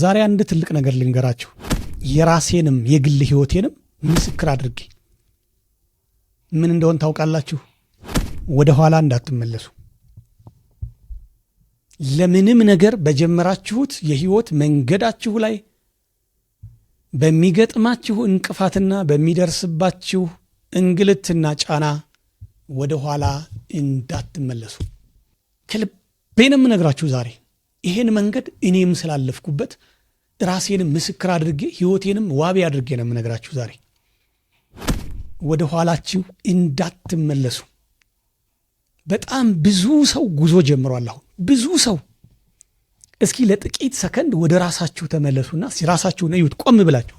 ዛሬ አንድ ትልቅ ነገር ልንገራችሁ። የራሴንም የግል ህይወቴንም ምስክር አድርጌ ምን እንደሆን ታውቃላችሁ? ወደ ኋላ እንዳትመለሱ። ለምንም ነገር በጀመራችሁት የህይወት መንገዳችሁ ላይ በሚገጥማችሁ እንቅፋትና በሚደርስባችሁ እንግልትና ጫና ወደ ኋላ እንዳትመለሱ። ከልቤንም ነግራችሁ ዛሬ ይሄን መንገድ እኔም ስላለፍኩበት ራሴንም ምስክር አድርጌ ህይወቴንም ዋቢ አድርጌ ነው የምነግራችሁ። ዛሬ ወደ ኋላችሁ እንዳትመለሱ። በጣም ብዙ ሰው ጉዞ ጀምሯል። አሁን ብዙ ሰው እስኪ ለጥቂት ሰከንድ ወደ ራሳችሁ ተመለሱና ራሳችሁን እዩት ቆም ብላችሁ።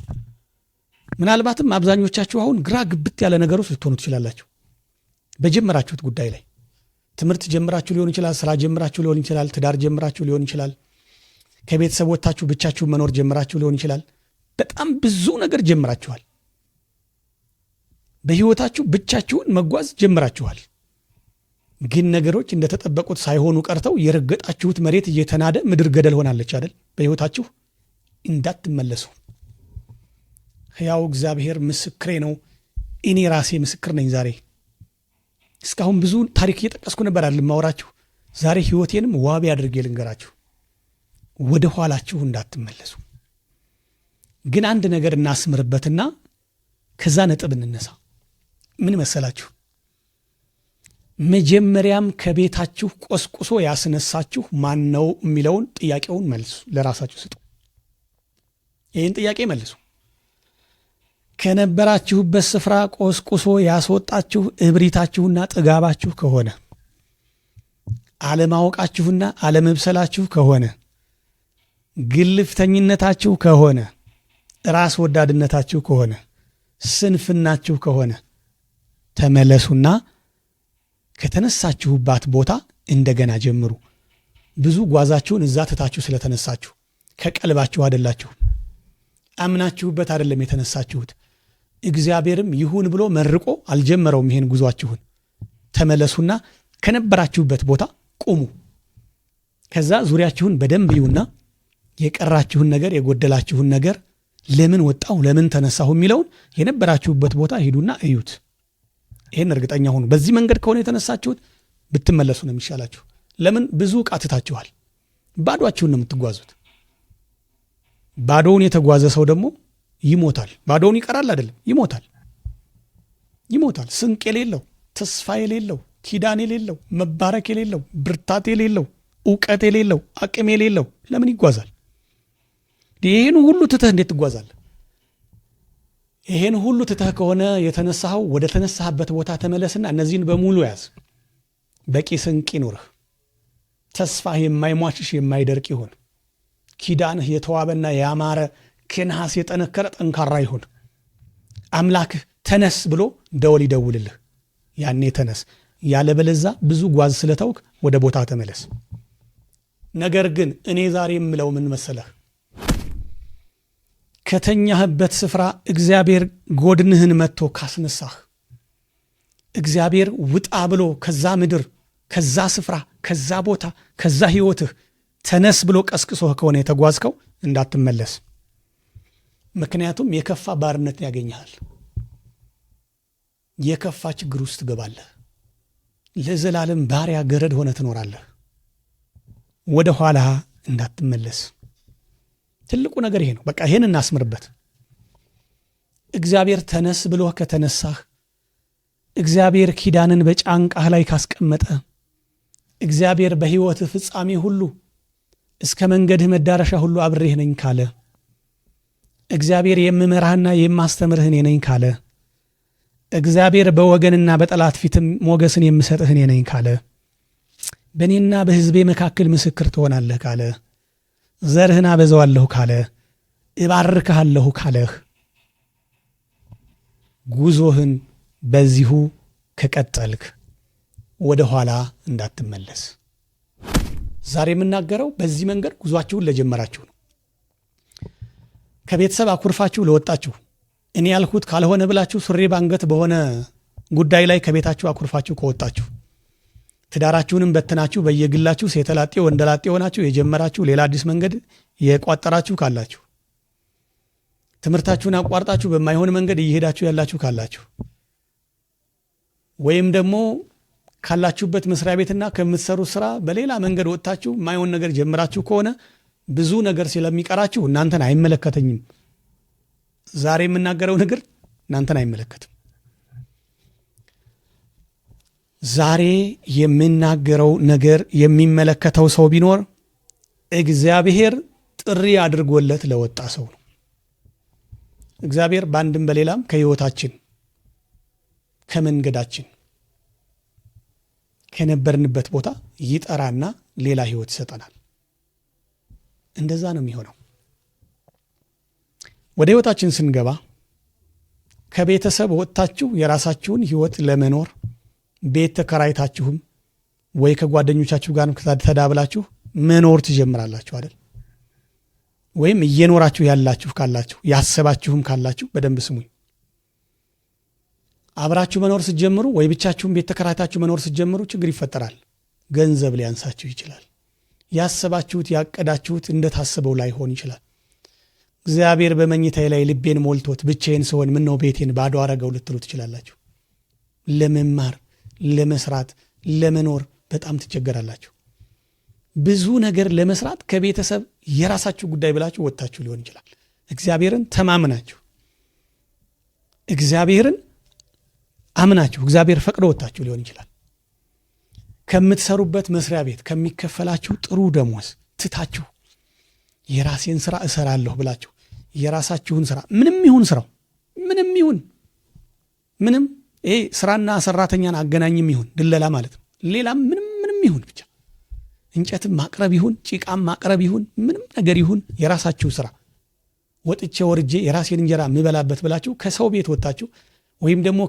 ምናልባትም አብዛኞቻችሁ አሁን ግራ ግብት ያለ ነገር ውስጥ ልትሆኑ ትችላላችሁ በጀመራችሁት ጉዳይ ላይ ትምህርት ጀምራችሁ ሊሆን ይችላል። ስራ ጀምራችሁ ሊሆን ይችላል። ትዳር ጀምራችሁ ሊሆን ይችላል። ከቤተሰብ ወጥታችሁ ብቻችሁ መኖር ጀምራችሁ ሊሆን ይችላል። በጣም ብዙ ነገር ጀምራችኋል። በህይወታችሁ ብቻችሁን መጓዝ ጀምራችኋል። ግን ነገሮች እንደተጠበቁት ሳይሆኑ ቀርተው የረገጣችሁት መሬት እየተናደ ምድር ገደል ሆናለች አይደል? በህይወታችሁ እንዳትመለሱ ሕያው እግዚአብሔር ምስክሬ ነው። እኔ ራሴ ምስክር ነኝ ዛሬ እስካሁን ብዙ ታሪክ እየጠቀስኩ ነበር አለ ማወራችሁ። ዛሬ ህይወቴንም ዋቢ አድርጌ ልንገራችሁ። ወደ ኋላችሁ እንዳትመለሱ። ግን አንድ ነገር እናስምርበትና ከዛ ነጥብ እንነሳ። ምን መሰላችሁ? መጀመሪያም ከቤታችሁ ቆስቁሶ ያስነሳችሁ ማን ነው የሚለውን ጥያቄውን መልሱ፣ ለራሳችሁ ስጡ። ይህን ጥያቄ መልሱ። ከነበራችሁበት ስፍራ ቆስቁሶ ያስወጣችሁ እብሪታችሁና ጥጋባችሁ ከሆነ አለማወቃችሁና አለመብሰላችሁ ከሆነ ግልፍተኝነታችሁ ከሆነ ራስ ወዳድነታችሁ ከሆነ ስንፍናችሁ ከሆነ ተመለሱና ከተነሳችሁባት ቦታ እንደገና ጀምሩ። ብዙ ጓዛችሁን እዛ ትታችሁ ስለተነሳችሁ ከቀልባችሁ አይደላችሁም። አምናችሁበት አይደለም የተነሳችሁት። እግዚአብሔርም ይሁን ብሎ መርቆ አልጀመረውም። ይሄን ጉዟችሁን ተመለሱና ከነበራችሁበት ቦታ ቁሙ። ከዛ ዙሪያችሁን በደንብ ይሁና የቀራችሁን ነገር የጎደላችሁን ነገር ለምን ወጣሁ ለምን ተነሳሁ የሚለውን የነበራችሁበት ቦታ ሂዱና እዩት። ይህን እርግጠኛ ሁኑ። በዚህ መንገድ ከሆነ የተነሳችሁት ብትመለሱ ነው የሚሻላችሁ። ለምን ብዙ ዕቃ ትታችኋል። ባዷችሁን ነው የምትጓዙት። ባዶውን የተጓዘ ሰው ደግሞ ይሞታል። ባዶውን ይቀራል አይደለም፣ ይሞታል ይሞታል። ስንቅ የሌለው ተስፋ የሌለው ኪዳን የሌለው መባረክ የሌለው ብርታት የሌለው እውቀት የሌለው አቅም የሌለው ለምን ይጓዛል? ይህን ሁሉ ትተህ እንዴት ትጓዛል ይህን ሁሉ ትተህ ከሆነ የተነሳኸው ወደ ተነሳህበት ቦታ ተመለስና እነዚህን በሙሉ ያዝ። በቂ ስንቅ ይኑርህ። ተስፋህ የማይሟችሽ የማይደርቅ ይሁን። ኪዳንህ የተዋበና ያማረ ከነሐስ የጠነከረ ጠንካራ ይሁን። አምላክህ ተነስ ብሎ ደወል ይደውልልህ፣ ያኔ ተነስ። ያለበለዛ ብዙ ጓዝ ስለተውክ ወደ ቦታ ተመለስ። ነገር ግን እኔ ዛሬ የምለው ምን መሰለህ? ከተኛህበት ስፍራ እግዚአብሔር ጎድንህን መጥቶ ካስነሳህ፣ እግዚአብሔር ውጣ ብሎ ከዛ ምድር፣ ከዛ ስፍራ፣ ከዛ ቦታ፣ ከዛ ህይወትህ ተነስ ብሎ ቀስቅሶህ ከሆነ የተጓዝከው እንዳትመለስ ምክንያቱም የከፋ ባርነት ያገኘሃል። የከፋ ችግር ውስጥ ትገባለህ። ለዘላለም ባሪያ ገረድ ሆነ ትኖራለህ። ወደ ኋላ እንዳትመለስ። ትልቁ ነገር ይሄ ነው። በቃ ይሄን እናስምርበት። እግዚአብሔር ተነስ ብሎ ከተነሳህ፣ እግዚአብሔር ኪዳንን በጫንቃህ ላይ ካስቀመጠ፣ እግዚአብሔር በሕይወትህ ፍጻሜ ሁሉ እስከ መንገድህ መዳረሻ ሁሉ አብሬህ ነኝ ካለ እግዚአብሔር የምመራህና የማስተምርህ እኔ ነኝ ካለ እግዚአብሔር በወገንና በጠላት ፊትም ሞገስን የምሰጥህ እኔ ነኝ ካለ በእኔና በሕዝቤ መካከል ምስክር ትሆናለህ ካለ ዘርህን አበዛዋለሁ ካለ እባርክሃለሁ ካለህ ጉዞህን በዚሁ ከቀጠልክ ወደ ኋላ እንዳትመለስ ዛሬ የምናገረው በዚህ መንገድ ጉዟችሁን ለጀመራችሁ ነው። ከቤተሰብ አኩርፋችሁ ለወጣችሁ እኔ ያልኩት ካልሆነ ብላችሁ ሱሪ ባንገት በሆነ ጉዳይ ላይ ከቤታችሁ አኩርፋችሁ ከወጣችሁ ትዳራችሁንም በትናችሁ በየግላችሁ ሴተላጤ ወንደላጤ ሆናችሁ የጀመራችሁ ሌላ አዲስ መንገድ የቋጠራችሁ ካላችሁ ትምህርታችሁን አቋርጣችሁ በማይሆን መንገድ እየሄዳችሁ ያላችሁ ካላችሁ ወይም ደግሞ ካላችሁበት መስሪያ ቤትና ከምትሰሩት ስራ በሌላ መንገድ ወጥታችሁ የማይሆን ነገር ጀምራችሁ ከሆነ ብዙ ነገር ስለሚቀራችሁ እናንተን አይመለከተኝም። ዛሬ የምናገረው ነገር እናንተን አይመለከትም። ዛሬ የምናገረው ነገር የሚመለከተው ሰው ቢኖር እግዚአብሔር ጥሪ አድርጎለት ለወጣ ሰው ነው። እግዚአብሔር በአንድም በሌላም ከሕይወታችን ከመንገዳችን ከነበርንበት ቦታ ይጠራና ሌላ ሕይወት ይሰጠናል። እንደዛ ነው የሚሆነው። ወደ ህይወታችን ስንገባ ከቤተሰብ ወጥታችሁ የራሳችሁን ህይወት ለመኖር ቤት ተከራይታችሁም ወይ ከጓደኞቻችሁ ጋር ተዳብላችሁ መኖር ትጀምራላችሁ አይደል? ወይም እየኖራችሁ ያላችሁ ካላችሁ ያሰባችሁም ካላችሁ በደንብ ስሙኝ። አብራችሁ መኖር ስጀምሩ ወይ ብቻችሁም ቤት ተከራይታችሁ መኖር ስጀምሩ ችግር ይፈጠራል። ገንዘብ ሊያንሳችሁ ይችላል። ያሰባችሁት ያቀዳችሁት እንደታሰበው ላይሆን ይችላል። እግዚአብሔር በመኝታዬ ላይ ልቤን ሞልቶት ብቻዬን ስሆን ምነው ቤቴን ባዶ አረገው ልትሉ ትችላላችሁ። ለመማር ለመስራት፣ ለመኖር በጣም ትቸገራላችሁ። ብዙ ነገር ለመስራት ከቤተሰብ የራሳችሁ ጉዳይ ብላችሁ ወጥታችሁ ሊሆን ይችላል። እግዚአብሔርን ተማምናችሁ እግዚአብሔርን አምናችሁ እግዚአብሔር ፈቅዶ ወጥታችሁ ሊሆን ይችላል። ከምትሰሩበት መስሪያ ቤት ከሚከፈላችሁ ጥሩ ደሞዝ ትታችሁ የራሴን ስራ እሰራለሁ ብላችሁ የራሳችሁን ስራ ምንም ይሁን ስራው ምንም ይሁን ምንም ይሄ ስራና ሰራተኛን አገናኝም ይሁን ድለላ ማለት ነው። ሌላም ምንም ምንም ይሁን ብቻ እንጨትም ማቅረብ ይሁን ጭቃም ማቅረብ ይሁን ምንም ነገር ይሁን የራሳችሁ ስራ ወጥቼ ወርጄ የራሴን እንጀራ የምበላበት ብላችሁ ከሰው ቤት ወጥታችሁ ወይም ደግሞ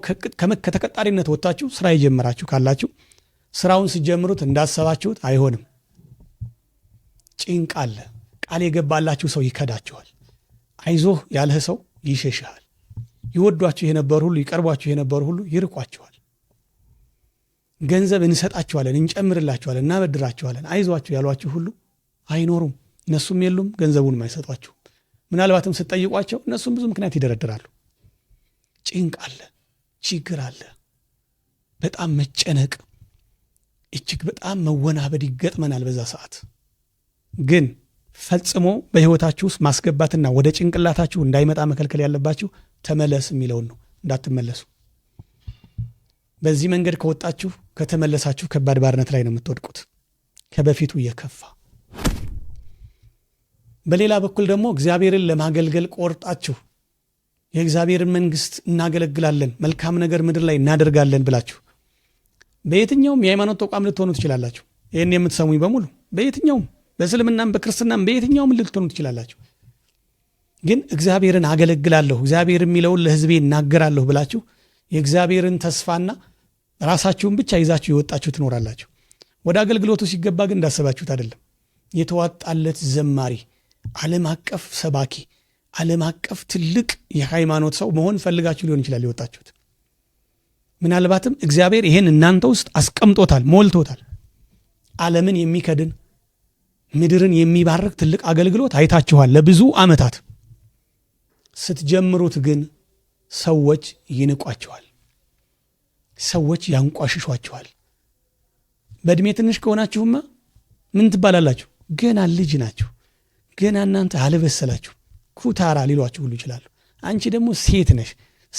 ከተቀጣሪነት ወጥታችሁ ስራ የጀመራችሁ ካላችሁ ስራውን ስጀምሩት እንዳሰባችሁት አይሆንም። ጭንቅ አለ። ቃል የገባላችሁ ሰው ይከዳችኋል። አይዞህ ያለህ ሰው ይሸሽሃል። ይወዷችሁ የነበሩ ሁሉ ይቀርቧችሁ የነበሩ ሁሉ ይርቋችኋል። ገንዘብ እንሰጣችኋለን፣ እንጨምርላችኋለን፣ እናበድራችኋለን፣ አይዟችሁ ያሏችሁ ሁሉ አይኖሩም። እነሱም የሉም፣ ገንዘቡንም አይሰጧችሁም። ምናልባትም ስትጠይቋቸው እነሱም ብዙ ምክንያት ይደረድራሉ። ጭንቅ አለ፣ ችግር አለ፣ በጣም መጨነቅ እጅግ በጣም መወናበድ ይገጥመናል። በዛ ሰዓት ግን ፈጽሞ በሕይወታችሁ ውስጥ ማስገባትና ወደ ጭንቅላታችሁ እንዳይመጣ መከልከል ያለባችሁ ተመለስ የሚለውን ነው። እንዳትመለሱ። በዚህ መንገድ ከወጣችሁ ከተመለሳችሁ ከባድ ባርነት ላይ ነው የምትወድቁት፣ ከበፊቱ እየከፋ። በሌላ በኩል ደግሞ እግዚአብሔርን ለማገልገል ቆርጣችሁ የእግዚአብሔርን መንግስት እናገለግላለን፣ መልካም ነገር ምድር ላይ እናደርጋለን ብላችሁ በየትኛውም የሃይማኖት ተቋም ልትሆኑ ትችላላችሁ። ይህን የምትሰሙኝ በሙሉ በየትኛውም በእስልምናም በክርስትናም በየትኛውም ልትሆኑ ትችላላችሁ። ግን እግዚአብሔርን አገለግላለሁ እግዚአብሔር የሚለውን ለህዝቤ እናገራለሁ ብላችሁ የእግዚአብሔርን ተስፋና ራሳችሁን ብቻ ይዛችሁ የወጣችሁ ትኖራላችሁ። ወደ አገልግሎቱ ሲገባ ግን እንዳሰባችሁት አይደለም። የተዋጣለት ዘማሪ፣ ዓለም አቀፍ ሰባኪ፣ ዓለም አቀፍ ትልቅ የሃይማኖት ሰው መሆን ፈልጋችሁ ሊሆን ይችላል የወጣችሁት። ምናልባትም እግዚአብሔር ይሄን እናንተ ውስጥ አስቀምጦታል፣ ሞልቶታል። ዓለምን የሚከድን ምድርን የሚባርክ ትልቅ አገልግሎት አይታችኋል ለብዙ ዓመታት። ስትጀምሩት ግን ሰዎች ይንቋችኋል፣ ሰዎች ያንቋሽሿችኋል። በእድሜ ትንሽ ከሆናችሁማ ምን ትባላላችሁ? ገና ልጅ ናችሁ፣ ገና እናንተ አልበሰላችሁ፣ ኩታራ ሊሏችሁ ሁሉ ይችላሉ። አንቺ ደግሞ ሴት ነሽ፣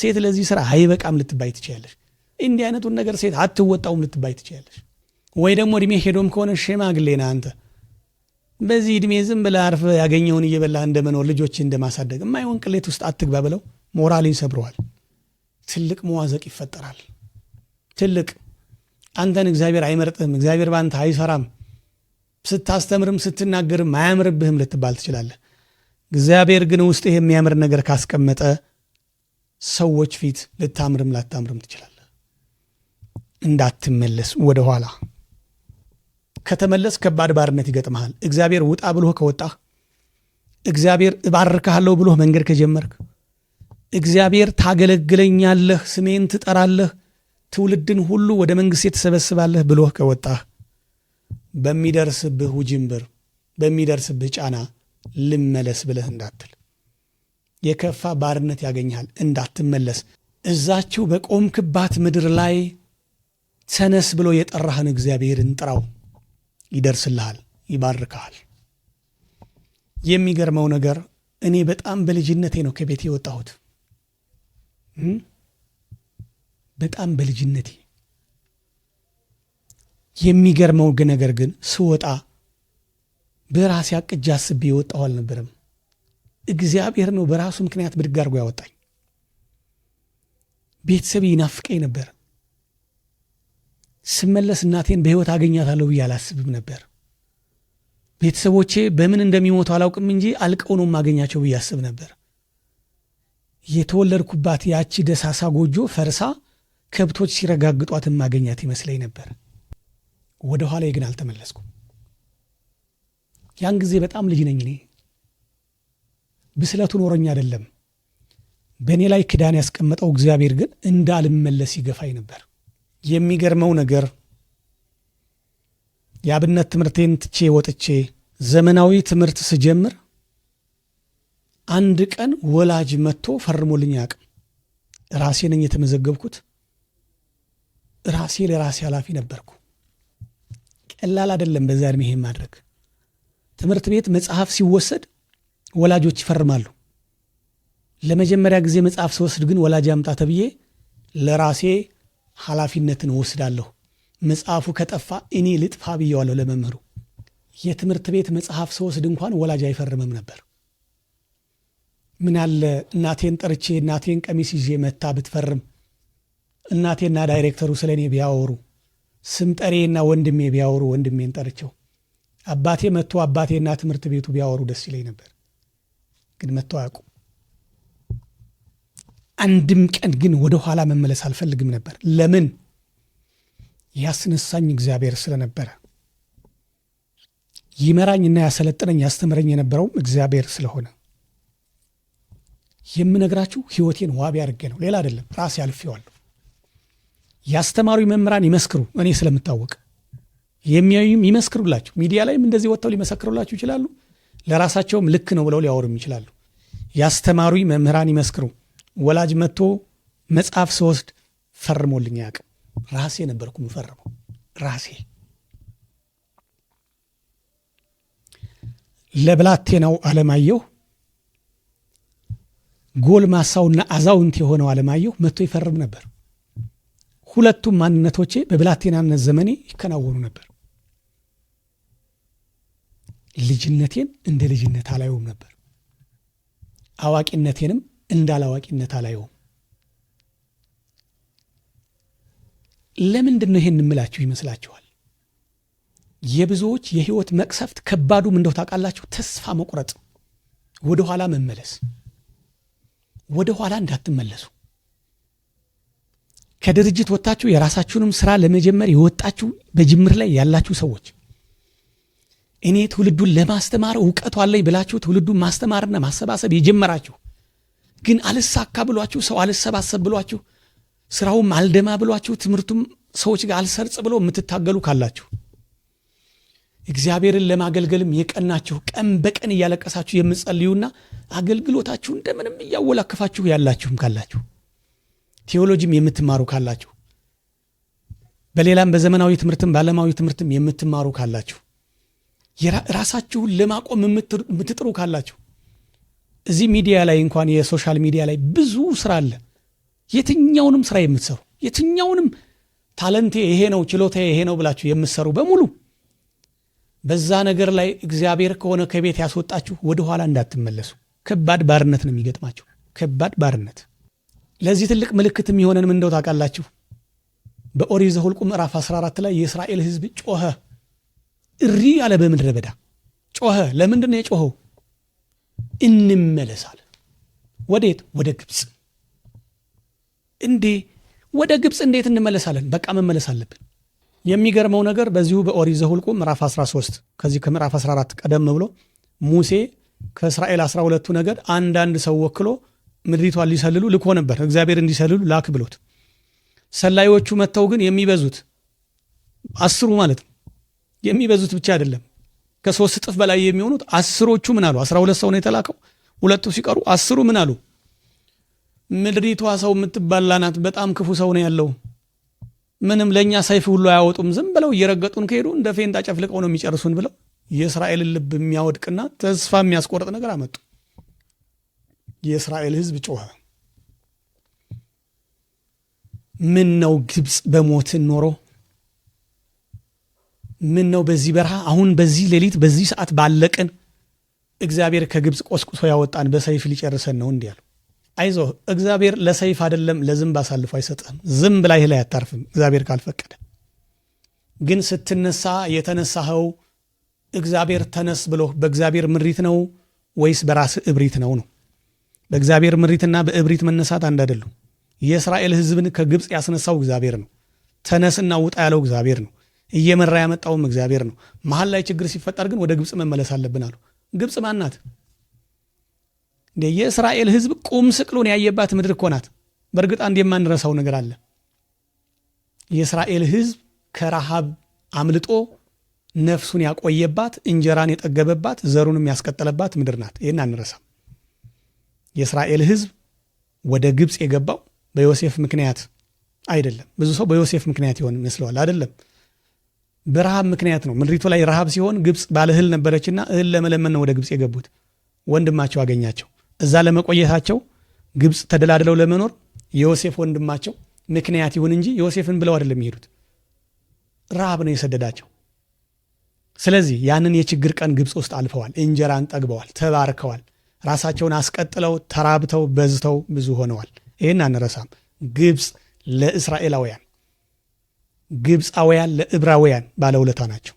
ሴት ለዚህ ስራ አይበቃም ልትባይ ትችያለሽ እንዲህ አይነቱን ነገር ሴት አትወጣውም ልትባይ ትችላለች። ወይ ደግሞ እድሜ ሄዶም ከሆነ ሽማግሌ ነህ አንተ። በዚህ እድሜ ዝም ብለ አርፍ ያገኘውን እየበላ እንደመኖር ልጆች እንደማሳደግ የማይሆን ቅሌት ውስጥ አትግባ ብለው ሞራልን ሰብረዋል። ትልቅ መዋዘቅ ይፈጠራል። ትልቅ አንተን እግዚአብሔር አይመርጥህም፣ እግዚአብሔር በአንተ አይሰራም፣ ስታስተምርም ስትናገርም አያምርብህም ልትባል ትችላለህ። እግዚአብሔር ግን ውስጥህ የሚያምር ነገር ካስቀመጠ ሰዎች ፊት ልታምርም ላታምርም ትችላል። እንዳትመለስ ወደ ኋላ። ከተመለስ ከባድ ባርነት ይገጥመሃል። እግዚአብሔር ውጣ ብሎህ ከወጣህ፣ እግዚአብሔር እባርካሃለሁ ብሎህ መንገድ ከጀመርክ፣ እግዚአብሔር ታገለግለኛለህ፣ ስሜን ትጠራለህ፣ ትውልድን ሁሉ ወደ መንግሥቴ ትሰበስባለህ ብሎህ ከወጣህ፣ በሚደርስብህ ውጅንብር፣ በሚደርስብህ ጫና ልመለስ ብለህ እንዳትል የከፋ ባርነት ያገኝሃል። እንዳትመለስ በቆም በቆምክባት ምድር ላይ ሰነስ ብሎ የጠራህን እግዚአብሔርን ጥራው፣ ይደርስልሃል፣ ይባርክሃል። የሚገርመው ነገር እኔ በጣም በልጅነቴ ነው ከቤት የወጣሁት። በጣም በልጅነቴ የሚገርመው ነገር ግን ስወጣ በራሴ አቅጃ አስቤ የወጣሁ አልነበረም። እግዚአብሔር ነው በራሱ ምክንያት ብድግ አድርጎ ያወጣኝ። ቤተሰብ ይናፍቀኝ ነበር። ስመለስ እናቴን በሕይወት አገኛታለሁ ብዬ አላስብም ነበር። ቤተሰቦቼ በምን እንደሚሞቱ አላውቅም እንጂ አልቀው ነው ማገኛቸው ብዬ አስብ ነበር። የተወለድኩባት ያቺ ደሳሳ ጎጆ ፈርሳ ከብቶች ሲረጋግጧት ማገኛት ይመስለኝ ነበር። ወደ ኋላ ግን አልተመለስኩም። ያን ጊዜ በጣም ልጅ ነኝ እኔ። ብስለቱ ኖረኝ አይደለም፣ በእኔ ላይ ክዳን ያስቀመጠው እግዚአብሔር ግን እንዳልመለስ ይገፋኝ ነበር። የሚገርመው ነገር የአብነት ትምህርቴን ትቼ ወጥቼ ዘመናዊ ትምህርት ስጀምር አንድ ቀን ወላጅ መጥቶ ፈርሞልኝ አቅም ራሴ ነኝ የተመዘገብኩት። ራሴ ለራሴ ኃላፊ ነበርኩ። ቀላል አይደለም በዛ እድሜ ይሄን ማድረግ። ትምህርት ቤት መጽሐፍ ሲወሰድ ወላጆች ይፈርማሉ። ለመጀመሪያ ጊዜ መጽሐፍ ስወስድ ግን ወላጅ አምጣ ተብዬ ለራሴ ኃላፊነትን ወስዳለሁ። መጽሐፉ ከጠፋ እኔ ልጥፋ ብየዋለሁ ለመምህሩ። የትምህርት ቤት መጽሐፍ ስወስድ እንኳን ወላጅ አይፈርምም ነበር። ምናለ እናቴን ጠርቼ እናቴን ቀሚስ ይዤ መታ ብትፈርም፣ እናቴና ዳይሬክተሩ ስለ እኔ ቢያወሩ፣ ስም ጠሬና ወንድሜ ቢያወሩ፣ ወንድሜን ጠርቸው፣ አባቴ መጥቶ አባቴና ትምህርት ቤቱ ቢያወሩ ደስ ይለኝ ነበር። ግን መጥቶ አያውቁ አንድም ቀን ግን ወደ ኋላ መመለስ አልፈልግም ነበር። ለምን ያስነሳኝ እግዚአብሔር ስለነበረ ይመራኝና ያሰለጥነኝ ያስተምረኝ የነበረውም እግዚአብሔር ስለሆነ የምነግራችሁ ሕይወቴን ዋቢ አድርጌ ነው፣ ሌላ አይደለም። ራሴ አልፌዋለሁ። ያስተማሩ መምህራን ይመስክሩ፣ እኔ ስለምታወቅ የሚያዩም ይመስክሩላችሁ። ሚዲያ ላይም እንደዚህ ወጥተው ሊመሰክሩላችሁ ይችላሉ። ለራሳቸውም ልክ ነው ብለው ሊያወሩም ይችላሉ። ያስተማሩ መምህራን ይመስክሩ። ወላጅ መጥቶ መጽሐፍ ስወስድ ፈርሞልኝ ያቅም ራሴ ነበርኩ ምፈርመው ራሴ። ለብላቴናው አለማየሁ ጎልማሳውና አዛውንት የሆነው አለማየሁ መጥቶ ይፈርም ነበር። ሁለቱም ማንነቶቼ በብላቴናነት ዘመኔ ይከናወኑ ነበር። ልጅነቴን እንደ ልጅነት አላየውም ነበር። አዋቂነቴንም እንዳላዋቂነት አላየውም። ለምንድን ነው ይሄን እንምላችሁ ይመስላችኋል? የብዙዎች የህይወት መቅሰፍት ከባዱም እንደው ታውቃላችሁ፣ ተስፋ መቁረጥ፣ ወደ ኋላ መመለስ። ወደ ኋላ እንዳትመለሱ። ከድርጅት ወጥታችሁ የራሳችሁንም ስራ ለመጀመር የወጣችሁ በጅምር ላይ ያላችሁ ሰዎች እኔ ትውልዱን ለማስተማር እውቀቱ አለኝ ብላችሁ ትውልዱን ማስተማርና ማሰባሰብ የጀመራችሁ ግን አልሳካ ብሏችሁ ሰው አልሰባሰብ ብሏችሁ ስራውም አልደማ ብሏችሁ ትምህርቱም ሰዎች ጋር አልሰርጽ ብሎ የምትታገሉ ካላችሁ እግዚአብሔርን ለማገልገልም የቀናችሁ ቀን በቀን እያለቀሳችሁ የምጸልዩና አገልግሎታችሁ እንደምንም እያወላከፋችሁ ያላችሁም ካላችሁ ቴዎሎጂም የምትማሩ ካላችሁ በሌላም በዘመናዊ ትምህርትም በዓለማዊ ትምህርትም የምትማሩ ካላችሁ ራሳችሁን ለማቆም የምትጥሩ ካላችሁ እዚህ ሚዲያ ላይ እንኳን የሶሻል ሚዲያ ላይ ብዙ ስራ አለ። የትኛውንም ስራ የምትሰሩ የትኛውንም ታለንቴ ይሄ ነው ችሎታ ይሄ ነው ብላችሁ የምትሰሩ በሙሉ በዛ ነገር ላይ እግዚአብሔር ከሆነ ከቤት ያስወጣችሁ ወደኋላ እንዳትመለሱ። ከባድ ባርነት ነው የሚገጥማችሁ፣ ከባድ ባርነት። ለዚህ ትልቅ ምልክትም የሆነን ምንደው እንደው ታውቃላችሁ? በኦሪት ዘኍልቍ ምዕራፍ 14 ላይ የእስራኤል ህዝብ ጮኸ፣ እሪ አለ በምድረ በዳ ጮኸ። ለምንድን ነው የጮኸው? እንመለሳለን። ወዴት? ወደ ግብፅ። እንዴ ወደ ግብፅ እንዴት እንመለሳለን? በቃ መመለስ አለብን። የሚገርመው ነገር በዚሁ በኦሪ ዘሁልቁ ምዕራፍ 13 ከዚህ ከምዕራፍ 14 ቀደም ብሎ ሙሴ ከእስራኤል 12ቱ ነገድ አንዳንድ ሰው ወክሎ ምድሪቷን ሊሰልሉ ልኮ ነበር። እግዚአብሔር እንዲሰልሉ ላክ ብሎት፣ ሰላዮቹ መጥተው ግን የሚበዙት አስሩ ማለት ነው የሚበዙት ብቻ አይደለም ከሶስት እጥፍ በላይ የሚሆኑት አስሮቹ ምን አሉ? አስራ ሁለት ሰው ነው የተላከው። ሁለቱ ሲቀሩ አስሩ ምን አሉ? ምድሪቷ ሰው የምትባላ ናት። በጣም ክፉ ሰው ነው ያለው። ምንም ለእኛ ሰይፍ ሁሉ አያወጡም። ዝም ብለው እየረገጡን ከሄዱ እንደ ፌንጣ ጨፍልቀው ነው የሚጨርሱን ብለው የእስራኤልን ልብ የሚያወድቅና ተስፋ የሚያስቆርጥ ነገር አመጡ። የእስራኤል ሕዝብ ጮኸ። ምን ነው ግብፅ በሞትን ኖሮ ምን ነው በዚህ በረሃ አሁን በዚህ ሌሊት በዚህ ሰዓት ባለቅን እግዚአብሔር ከግብፅ ቆስቁሶ ያወጣን በሰይፍ ሊጨርሰን ነው እንዲህ አለው። አይዞ እግዚአብሔር ለሰይፍ አይደለም ለዝንብ አሳልፎ አይሰጥም ዝም ላይህ ላይ አታርፍም እግዚአብሔር ካልፈቀደ። ግን ስትነሳ የተነሳኸው እግዚአብሔር ተነስ ብሎ በእግዚአብሔር ምሪት ነው ወይስ በራስ እብሪት ነው ነው? በእግዚአብሔር ምሪትና በእብሪት መነሳት አንድ አይደሉም። የእስራኤል ህዝብን ከግብፅ ያስነሳው እግዚአብሔር ነው። ተነስና ውጣ ያለው እግዚአብሔር ነው። እየመራ ያመጣውም እግዚአብሔር ነው። መሀል ላይ ችግር ሲፈጠር ግን ወደ ግብፅ መመለስ አለብን አሉ። ግብፅ ማናት? የእስራኤል ሕዝብ ቁም ስቅሉን ያየባት ምድር እኮ ናት። በእርግጥ አንድ የማንረሳው ነገር አለ። የእስራኤል ሕዝብ ከረሃብ አምልጦ ነፍሱን ያቆየባት፣ እንጀራን የጠገበባት፣ ዘሩንም ያስቀጠለባት ምድር ናት። ይህን አንረሳም። የእስራኤል ሕዝብ ወደ ግብፅ የገባው በዮሴፍ ምክንያት አይደለም። ብዙ ሰው በዮሴፍ ምክንያት ይሆን ይመስለዋል። አይደለም። በረሃብ ምክንያት ነው። ምድሪቱ ላይ ረሃብ ሲሆን ግብፅ ባለ እህል ነበረችና እህል ለመለመን ነው ወደ ግብፅ የገቡት። ወንድማቸው አገኛቸው። እዛ ለመቆየታቸው ግብፅ ተደላድለው ለመኖር የዮሴፍ ወንድማቸው ምክንያት ይሁን እንጂ ዮሴፍን ብለው አይደለም የሄዱት። ረሃብ ነው የሰደዳቸው። ስለዚህ ያንን የችግር ቀን ግብፅ ውስጥ አልፈዋል። እንጀራን ጠግበዋል፣ ተባርከዋል። ራሳቸውን አስቀጥለው ተራብተው በዝተው ብዙ ሆነዋል። ይህን አንረሳም። ግብፅ ለእስራኤላውያን ግብፃውያን ለዕብራውያን ባለውለታ ናቸው።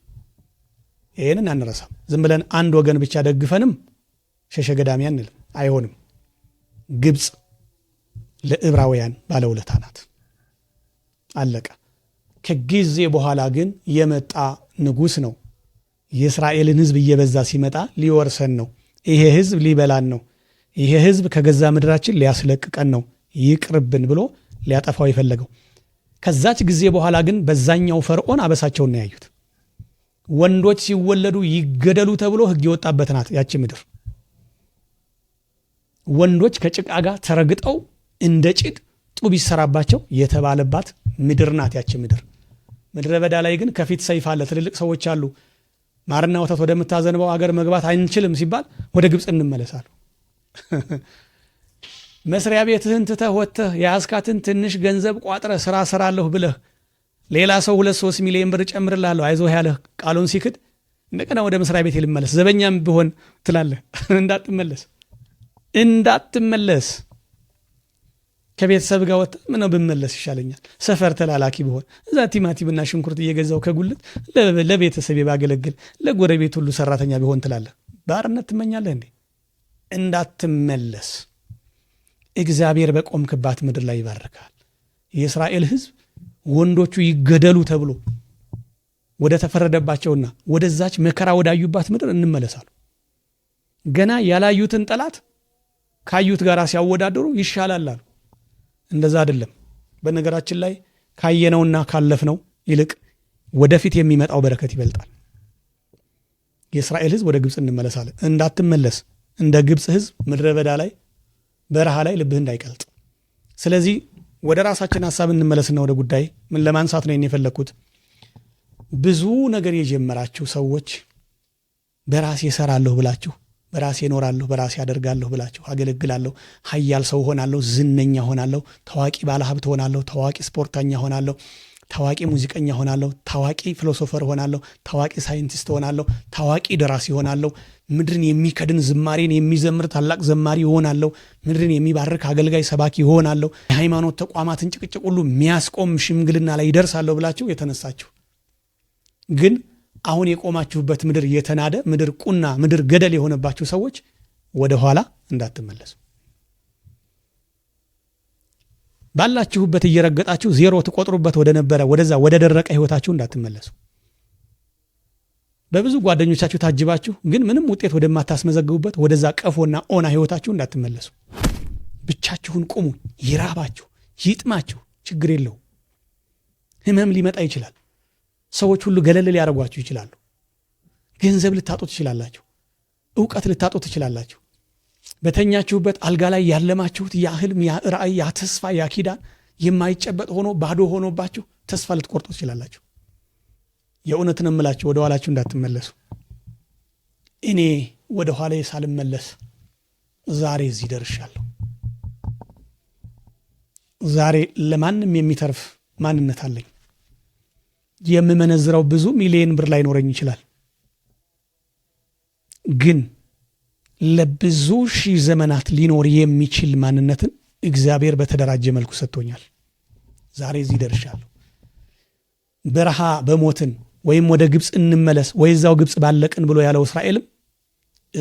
ይህንን አንረሳም። ዝም ብለን አንድ ወገን ብቻ ደግፈንም ሸሸገዳሚ አንልም፣ አይሆንም። ግብፅ ለዕብራውያን ባለውለታ ናት። አለቀ። ከጊዜ በኋላ ግን የመጣ ንጉሥ ነው። የእስራኤልን ሕዝብ እየበዛ ሲመጣ ሊወርሰን ነው። ይሄ ሕዝብ ሊበላን ነው። ይሄ ሕዝብ ከገዛ ምድራችን ሊያስለቅቀን ነው። ይቅርብን ብሎ ሊያጠፋው የፈለገው ከዛች ጊዜ በኋላ ግን በዛኛው ፈርዖን አበሳቸው እናያዩት ያዩት። ወንዶች ሲወለዱ ይገደሉ ተብሎ ህግ የወጣበት ናት ያቺ ምድር። ወንዶች ከጭቃ ጋር ተረግጠው እንደ ጭድ ጡብ ይሰራባቸው የተባለባት ምድር ናት ያቺ ምድር። ምድረ በዳ ላይ ግን ከፊት ሰይፍ አለ። ትልልቅ ሰዎች አሉ። ማርና ወተት ወደምታዘንበው አገር መግባት አንችልም ሲባል ወደ ግብፅ እንመለሳሉ። መስሪያ ቤትህን ትተህ ወጥተህ የያዝካትን ትንሽ ገንዘብ ቋጥረህ ስራ ስራለሁ ብለህ ሌላ ሰው ሁለት ሶስት ሚሊዮን ብር ጨምርላለሁ አይዞህ ያለህ ቃሉን ሲክድ እንደገና ወደ መስሪያ ቤት ልመለስ ዘበኛም ብሆን ትላለህ። እንዳትመለስ እንዳትመለስ ከቤተሰብ ጋር ወጥተህ ምነው ብመለስ ይሻለኛል፣ ሰፈር ተላላኪ ብሆን እዛ ቲማቲምና ሽንኩርት እየገዛው ከጉልት ለቤተሰብ ባገለግል፣ ለጎረቤት ሁሉ ሰራተኛ ቢሆን ትላለህ። ባርነት ትመኛለህ እንዴ? እንዳትመለስ እግዚአብሔር በቆምክባት ምድር ላይ ይባርካል። የእስራኤል ሕዝብ ወንዶቹ ይገደሉ ተብሎ ወደ ተፈረደባቸውና ወደዛች መከራ ወዳዩባት ምድር እንመለሳሉ። ገና ያላዩትን ጠላት ካዩት ጋር ሲያወዳደሩ ይሻላል አሉ። እንደዛ አይደለም። በነገራችን ላይ ካየነውና ካለፍነው ይልቅ ወደፊት የሚመጣው በረከት ይበልጣል። የእስራኤል ሕዝብ ወደ ግብፅ እንመለሳለን። እንዳትመለስ እንደ ግብፅ ሕዝብ ምድረ በዳ ላይ በረሃ ላይ ልብህ እንዳይቀልጥ። ስለዚህ ወደ ራሳችን ሀሳብ እንመለስና ወደ ጉዳይ ምን ለማንሳት ነው የፈለግኩት? ብዙ ነገር የጀመራችሁ ሰዎች በራሴ እሰራለሁ ብላችሁ በራሴ እኖራለሁ በራሴ አደርጋለሁ ብላችሁ አገለግላለሁ፣ ሀያል ሰው ሆናለሁ፣ ዝነኛ ሆናለሁ፣ ታዋቂ ባለሀብት ሆናለሁ፣ ታዋቂ ስፖርተኛ ሆናለሁ፣ ታዋቂ ሙዚቀኛ ሆናለሁ፣ ታዋቂ ፊሎሶፈር ሆናለሁ፣ ታዋቂ ሳይንቲስት ሆናለሁ፣ ታዋቂ ደራሲ ሆናለሁ፣ ምድርን የሚከድን ዝማሬን የሚዘምር ታላቅ ዘማሪ ሆናለሁ፣ ምድርን የሚባርክ አገልጋይ ሰባኪ ሆናለሁ፣ የሃይማኖት ተቋማትን ጭቅጭቅ ሁሉ የሚያስቆም ሽምግልና ላይ ይደርሳለሁ ብላችሁ የተነሳችሁ ግን አሁን የቆማችሁበት ምድር የተናደ ምድር፣ ቁና ምድር፣ ገደል የሆነባችሁ ሰዎች ወደ ኋላ እንዳትመለሱ። ባላችሁበት እየረገጣችሁ ዜሮ ትቆጥሩበት ወደ ነበረ ወደዛ ወደ ደረቀ ህይወታችሁ እንዳትመለሱ። በብዙ ጓደኞቻችሁ ታጅባችሁ ግን ምንም ውጤት ወደማታስመዘግቡበት ወደዛ ቀፎና ኦና ህይወታችሁ እንዳትመለሱ። ብቻችሁን ቁሙ። ይራባችሁ፣ ይጥማችሁ፣ ችግር የለው። ህመም ሊመጣ ይችላል። ሰዎች ሁሉ ገለል ሊያደርጓችሁ ይችላሉ። ገንዘብ ልታጡ ትችላላችሁ። እውቀት ልታጡ ትችላላችሁ። በተኛችሁበት አልጋ ላይ ያለማችሁት ያ ህልም፣ ያ ራእይ፣ ያ ተስፋ፣ ያ ኪዳን የማይጨበጥ ሆኖ ባዶ ሆኖባችሁ ተስፋ ልትቆርጡ ትችላላችሁ። የእውነትን እምላችሁ ወደ ኋላችሁ እንዳትመለሱ። እኔ ወደ ኋላ ሳልመለስ ዛሬ እዚህ ደርሻለሁ። ዛሬ ለማንም የሚተርፍ ማንነት አለኝ። የምመነዝረው ብዙ ሚሊየን ብር ላይኖረኝ ይችላል ግን ለብዙ ሺህ ዘመናት ሊኖር የሚችል ማንነትን እግዚአብሔር በተደራጀ መልኩ ሰጥቶኛል። ዛሬ እዚህ ደርሻለሁ። በረሃ በሞትን ወይም ወደ ግብፅ እንመለስ ወይ እዛው ግብፅ ባለቅን ብሎ ያለው እስራኤልም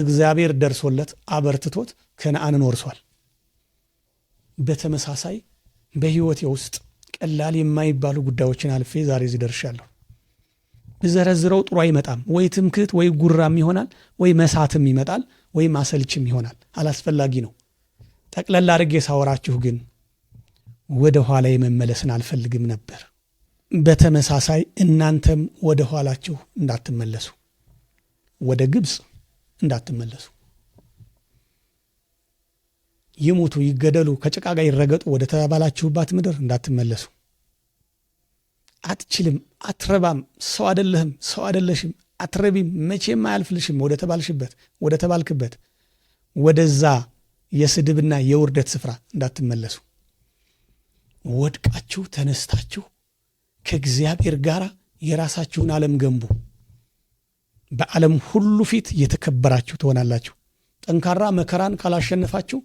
እግዚአብሔር ደርሶለት አበርትቶት ከነአንን ወርሷል። በተመሳሳይ በሕይወቴ ውስጥ ቀላል የማይባሉ ጉዳዮችን አልፌ ዛሬ እዚህ ደርሻለሁ። ብዘረዝረው ጥሩ አይመጣም። ወይ ትምክህት ወይ ጉራም ይሆናል ወይ መሳትም ይመጣል። ወይም አሰልችም ይሆናል፣ አላስፈላጊ ነው። ጠቅለል አድርጌ ሳወራችሁ ግን ወደ ኋላ የመመለስን አልፈልግም ነበር። በተመሳሳይ እናንተም ወደ ኋላችሁ እንዳትመለሱ፣ ወደ ግብፅ እንዳትመለሱ፣ ይሙቱ ይገደሉ፣ ከጭቃ ጋር ይረገጡ ወደ ተባላችሁባት ምድር እንዳትመለሱ። አትችልም፣ አትረባም፣ ሰው አደለህም፣ ሰው አደለሽም፣ አትረቢም፣ መቼም አያልፍልሽም ወደ ተባልሽበት ወደ ተባልክበት ወደዛ የስድብና የውርደት ስፍራ እንዳትመለሱ ወድቃችሁ ተነስታችሁ ከእግዚአብሔር ጋር የራሳችሁን ዓለም ገንቡ። በዓለም ሁሉ ፊት የተከበራችሁ ትሆናላችሁ። ጠንካራ መከራን ካላሸነፋችሁ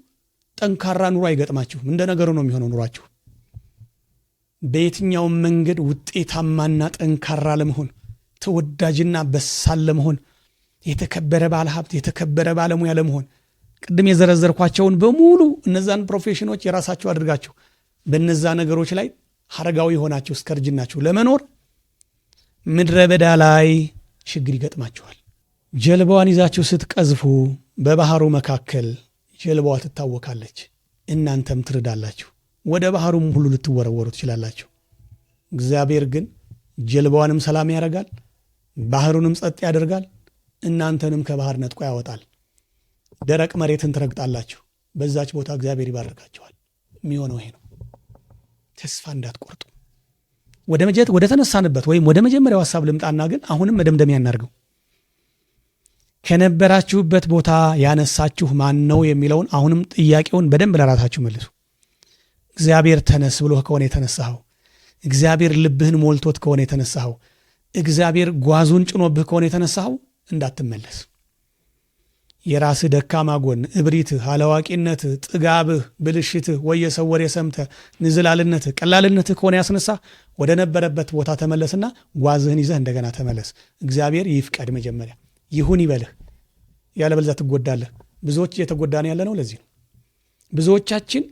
ጠንካራ ኑሮ አይገጥማችሁም። እንደ ነገሩ ነው የሚሆነው ኑሯችሁ። በየትኛውም መንገድ ውጤታማና ጠንካራ ለመሆን ተወዳጅና በሳል ለመሆን የተከበረ ባለ ሀብት የተከበረ ባለሙያ ለመሆን ቅድም የዘረዘርኳቸውን በሙሉ እነዛን ፕሮፌሽኖች የራሳቸው አድርጋችሁ በነዛ ነገሮች ላይ ሀረጋዊ የሆናችሁ እስከ እርጅናችሁ ለመኖር ምድረ በዳ ላይ ችግር ይገጥማችኋል። ጀልባዋን ይዛችሁ ስትቀዝፉ በባህሩ መካከል ጀልባዋ ትታወካለች፣ እናንተም ትርዳላችሁ። ወደ ባህሩም ሁሉ ልትወረወሩ ትችላላችሁ። እግዚአብሔር ግን ጀልባዋንም ሰላም ያደርጋል። ባህሩንም ጸጥ ያደርጋል፣ እናንተንም ከባህር ነጥቆ ያወጣል። ደረቅ መሬትን ትረግጣላችሁ። በዛች ቦታ እግዚአብሔር ይባርካችኋል። የሚሆነው ይሄ ነው። ተስፋ እንዳትቆርጡ። ወደ መጀት ወደ ተነሳንበት ወይም ወደ መጀመሪያው ሀሳብ ልምጣና ግን አሁንም መደምደሚያ እናድርገው። ከነበራችሁበት ቦታ ያነሳችሁ ማን ነው የሚለውን አሁንም ጥያቄውን በደንብ ለራሳችሁ መልሱ። እግዚአብሔር ተነስ ብሎህ ከሆነ የተነሳኸው፣ እግዚአብሔር ልብህን ሞልቶት ከሆነ የተነሳኸው እግዚአብሔር ጓዙን ጭኖብህ ከሆነ የተነሳው እንዳትመለስ። የራስህ ደካማ ጎን፣ እብሪትህ፣ አላዋቂነትህ፣ ጥጋብህ፣ ብልሽትህ፣ ወየሰው ወሬ ሰምተህ ንዝላልነትህ፣ ቀላልነትህ ከሆነ ያስነሳ ወደ ነበረበት ቦታ ተመለስና ጓዝህን ይዘህ እንደገና ተመለስ። እግዚአብሔር ይፍቀድ መጀመሪያ ይሁን ይበልህ፣ ያለበለዚያ ትጎዳለህ። ብዙዎች እየተጎዳን ያለ ነው። ለዚህ ነው ብዙዎቻችን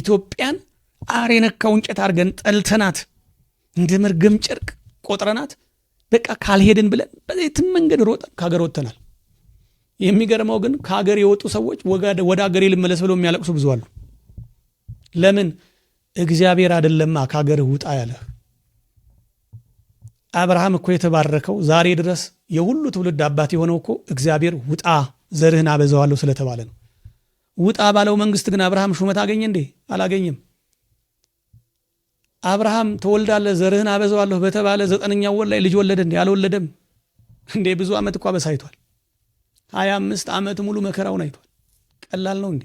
ኢትዮጵያን አር የነካው እንጨት አድርገን ጠልተናት እንደ መርገም ጨርቅ ቆጥረናት በቃ ካልሄድን ብለን በየትም መንገድ ሮጠን ከሀገር ወጥተናል። የሚገርመው ግን ከሀገር የወጡ ሰዎች ወደ ሀገሬ ልመለስ ብለው የሚያለቅሱ ብዙ አሉ። ለምን? እግዚአብሔር አደለማ ከሀገር ውጣ ያለህ። አብርሃም እኮ የተባረከው ዛሬ ድረስ የሁሉ ትውልድ አባት የሆነው እኮ እግዚአብሔር ውጣ ዘርህን አበዛዋለሁ ስለተባለ ነው። ውጣ ባለው መንግስት ግን አብርሃም ሹመት አገኘ እንዴ? አላገኘም። አብርሃም ተወልዳለ ዘርህን አበዛዋለሁ በተባለ ዘጠነኛው ወር ላይ ልጅ ወለደ እንዴ? አልወለደም እንዴ? ብዙ ዓመት እኳ በሳይቷል። ሀያ አምስት ዓመት ሙሉ መከራውን አይቷል። ቀላል ነው እንዴ?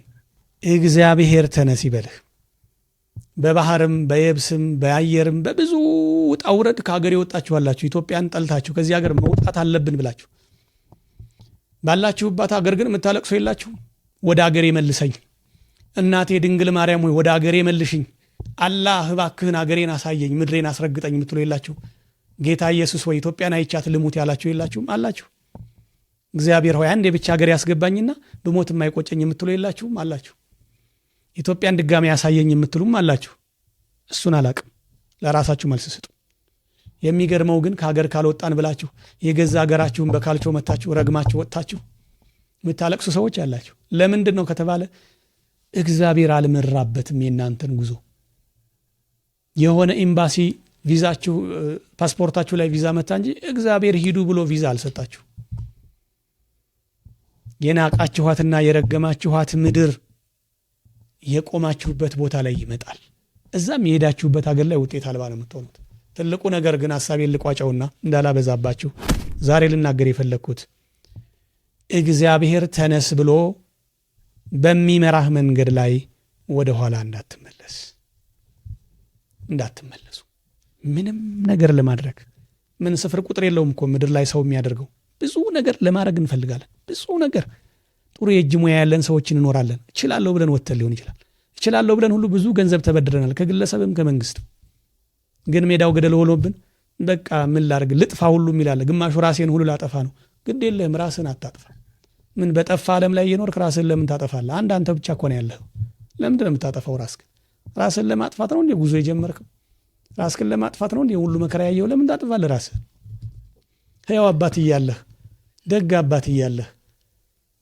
እግዚአብሔር ተነስ ይበልህ። በባህርም በየብስም በአየርም በብዙ ውጣ ውረድ ከሀገር የወጣችኋላችሁ ኢትዮጵያን ጠልታችሁ ከዚህ ሀገር መውጣት አለብን ብላችሁ ባላችሁባት ሀገር ግን የምታለቅሶ የላችሁ። ወደ አገሬ መልሰኝ እናቴ ድንግል ማርያም ሆይ ወደ አገሬ መልሽኝ አላህ እባክህን አገሬን አሳየኝ ምድሬን አስረግጠኝ የምትሉ የላችሁ? ጌታ ኢየሱስ ወይ ኢትዮጵያን አይቻት ልሙት ያላችሁ የላችሁም? አላችሁ። እግዚአብሔር ሆይ አንዴ ብቻ ሀገር ያስገባኝና ብሞት የማይቆጨኝ የምትሉ የላችሁም? አላችሁ። ኢትዮጵያን ድጋሚ ያሳየኝ የምትሉም አላችሁ። እሱን አላቅም። ለራሳችሁ መልስ ስጡ። የሚገርመው ግን ከሀገር ካልወጣን ብላችሁ የገዛ ሀገራችሁን በካልቾ መታችሁ ረግማችሁ ወጥታችሁ የምታለቅሱ ሰዎች አላችሁ። ለምንድን ነው ከተባለ እግዚአብሔር አልመራበትም የእናንተን ጉዞ የሆነ ኤምባሲ ቪዛችሁ ፓስፖርታችሁ ላይ ቪዛ መታ እንጂ እግዚአብሔር ሂዱ ብሎ ቪዛ አልሰጣችሁ። የናቃችኋትና የረገማችኋት ምድር የቆማችሁበት ቦታ ላይ ይመጣል። እዛም የሄዳችሁበት አገር ላይ ውጤት አልባ ነው የምትሆኑት። ትልቁ ነገር ግን ሀሳቤ ልቋጨውና እንዳላበዛባችሁ ዛሬ ልናገር የፈለግኩት እግዚአብሔር ተነስ ብሎ በሚመራህ መንገድ ላይ ወደ ኋላ እንዳትመለስ እንዳትመለሱ። ምንም ነገር ለማድረግ ምን ስፍር ቁጥር የለውም እኮ ምድር ላይ ሰው የሚያደርገው ብዙ ነገር ለማድረግ እንፈልጋለን። ብዙ ነገር ጥሩ የእጅ ሙያ ያለን ሰዎች እንኖራለን። እችላለሁ ብለን ወተን ሊሆን ይችላል። እችላለሁ ብለን ሁሉ ብዙ ገንዘብ ተበድረናል፣ ከግለሰብም ከመንግስትም። ግን ሜዳው ገደል ሆኖብን በቃ ምን ላርግ ልጥፋ ሁሉ የሚላለ ግማሹ ራሴን ሁሉ ላጠፋ ነው። ግድ የለህም ራስን አታጥፋ። ምን በጠፋ ዓለም ላይ እየኖርክ ራስን ለምን ታጠፋለህ? አንድ አንተ ብቻ ኮነ ያለህ። ነው የምታጠፋው ራስን ለማጥፋት ነው እንዴ ጉዞ የጀመርከው? ራስህን ለማጥፋት ነው እንዴ ሁሉ መከራ ያየው? ለምን ታጥፋለ ራስ ህያው አባት እያለህ ደግ አባት እያለህ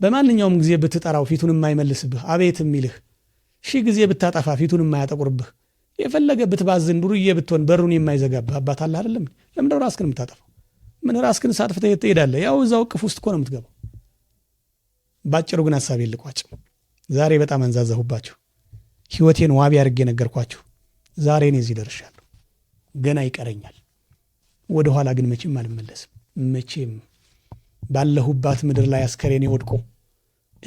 በማንኛውም ጊዜ ብትጠራው ፊቱን የማይመልስብህ አቤት የሚልህ ሺህ ጊዜ ብታጠፋ ፊቱን የማያጠቁርብህ የፈለገ ብትባዝን ዱርዬ ብትሆን በሩን የማይዘጋብህ አባት አለ አይደለም? ለምንድነው ራስህን የምታጠፋው? ምን ራስህን ሳትፍተህ ትሄዳለህ? ያው እዛው ቅፍ ውስጥ እኮ ነው የምትገባው። ባጭሩ ግን ሀሳቤን ልቋጭ። ዛሬ በጣም አንዛዛሁባችሁ። ህይወቴን ዋቢ አድርጌ ነገርኳችሁ። ዛሬ እኔ እዚህ ደርሻለሁ። ገና ይቀረኛል። ወደኋላ ግን መቼም አልመለስም። መቼም ባለሁባት ምድር ላይ አስከሬኔ ወድቆ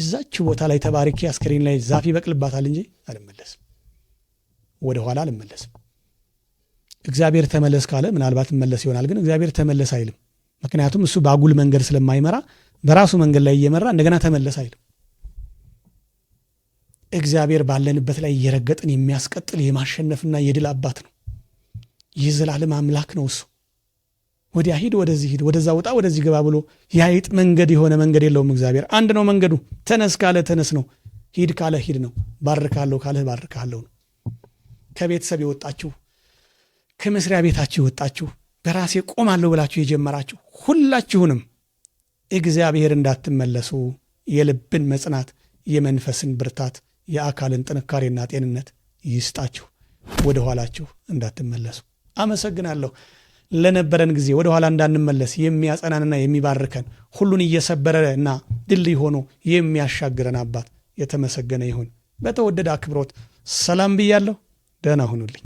እዛች ቦታ ላይ ተባርኬ አስከሬን ላይ ዛፍ ይበቅልባታል እንጂ አልመለስም። ወደ ኋላ አልመለስም። እግዚአብሔር ተመለስ ካለ ምናልባት መለስ ይሆናል። ግን እግዚአብሔር ተመለስ አይልም። ምክንያቱም እሱ በአጉል መንገድ ስለማይመራ በራሱ መንገድ ላይ እየመራ እንደገና ተመለስ አይልም። እግዚአብሔር ባለንበት ላይ እየረገጥን የሚያስቀጥል የማሸነፍና የድል አባት ነው። የዘላለም አምላክ ነው እሱ። ወዲያ ሂድ፣ ወደዚህ ሂድ፣ ወደዛ ውጣ፣ ወደዚህ ገባ ብሎ የአይጥ መንገድ የሆነ መንገድ የለውም። እግዚአብሔር አንድ ነው መንገዱ። ተነስ ካለ ተነስ ነው፣ ሂድ ካለ ሂድ ነው፣ ባርካለሁ ካለ ባርካለሁ ነው። ከቤተሰብ የወጣችሁ ከመስሪያ ቤታችሁ የወጣችሁ በራሴ ቆማለሁ ብላችሁ የጀመራችሁ ሁላችሁንም እግዚአብሔር እንዳትመለሱ የልብን መጽናት የመንፈስን ብርታት የአካልን ጥንካሬና ጤንነት ይስጣችሁ። ወደ ኋላችሁ እንዳትመለሱ። አመሰግናለሁ ለነበረን ጊዜ። ወደ ኋላ እንዳንመለስ የሚያጸናንና የሚባርከን ሁሉን እየሰበረና ድልድይ ሆኖ የሚያሻግረን አባት የተመሰገነ ይሁን። በተወደደ አክብሮት ሰላም ብያለሁ። ደህና ሁኑልኝ።